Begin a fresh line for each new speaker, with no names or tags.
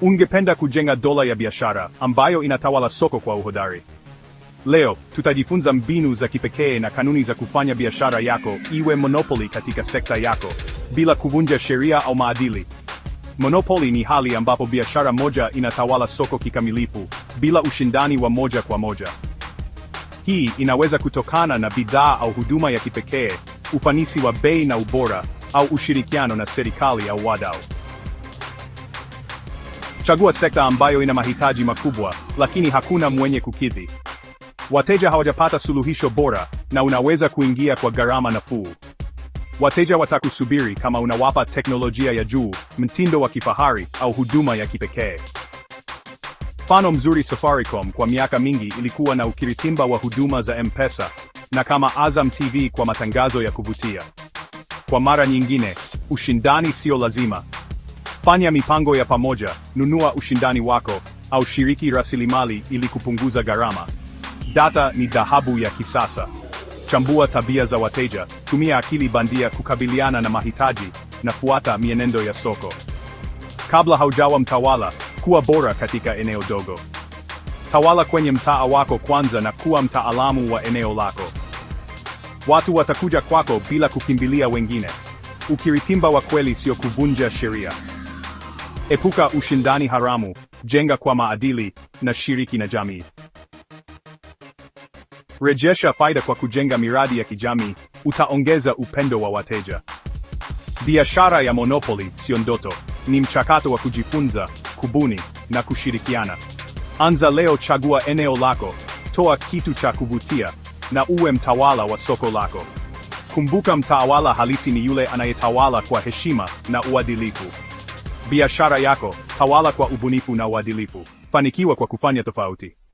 Ungependa kujenga dola ya biashara ambayo inatawala soko kwa uhodari. Leo tutajifunza mbinu za kipekee na kanuni za kufanya biashara yako iwe monopoly katika sekta yako bila kuvunja sheria au maadili. Monopoly ni hali ambapo biashara moja inatawala soko kikamilifu bila ushindani wa moja kwa moja. Hii inaweza kutokana na bidhaa au huduma ya kipekee, ufanisi wa bei na ubora, au ushirikiano na serikali au wadau. Chagua sekta ambayo ina mahitaji makubwa, lakini hakuna mwenye kukidhi. Wateja hawajapata suluhisho bora, na unaweza kuingia kwa gharama nafuu. Wateja watakusubiri kama unawapa teknolojia ya juu, mtindo wa kifahari au huduma ya kipekee. Mfano mzuri, Safaricom kwa miaka mingi ilikuwa na ukiritimba wa huduma za M-Pesa, na kama Azam TV kwa matangazo ya kuvutia. Kwa mara nyingine, ushindani sio lazima, Fanya mipango ya pamoja, nunua ushindani wako au shiriki rasilimali ili kupunguza gharama. Data ni dhahabu ya kisasa. Chambua tabia za wateja, tumia akili bandia kukabiliana na mahitaji na fuata mienendo ya soko. Kabla haujawa mtawala, kuwa bora katika eneo dogo. Tawala kwenye mtaa wako kwanza na kuwa mtaalamu wa eneo lako. Watu watakuja kwako bila kukimbilia wengine. Ukiritimba wa kweli sio kuvunja sheria. Epuka ushindani haramu, jenga kwa maadili na shiriki na jamii. Rejesha faida kwa kujenga miradi ya kijamii, utaongeza upendo wa wateja. Biashara ya monopoly sio ndoto, ni mchakato wa kujifunza, kubuni na kushirikiana. Anza leo, chagua eneo lako, toa kitu cha kuvutia na uwe mtawala wa soko lako. Kumbuka, mtawala halisi ni yule anayetawala kwa heshima na uadilifu biashara yako, tawala kwa ubunifu na uadilifu, fanikiwa kwa kufanya tofauti.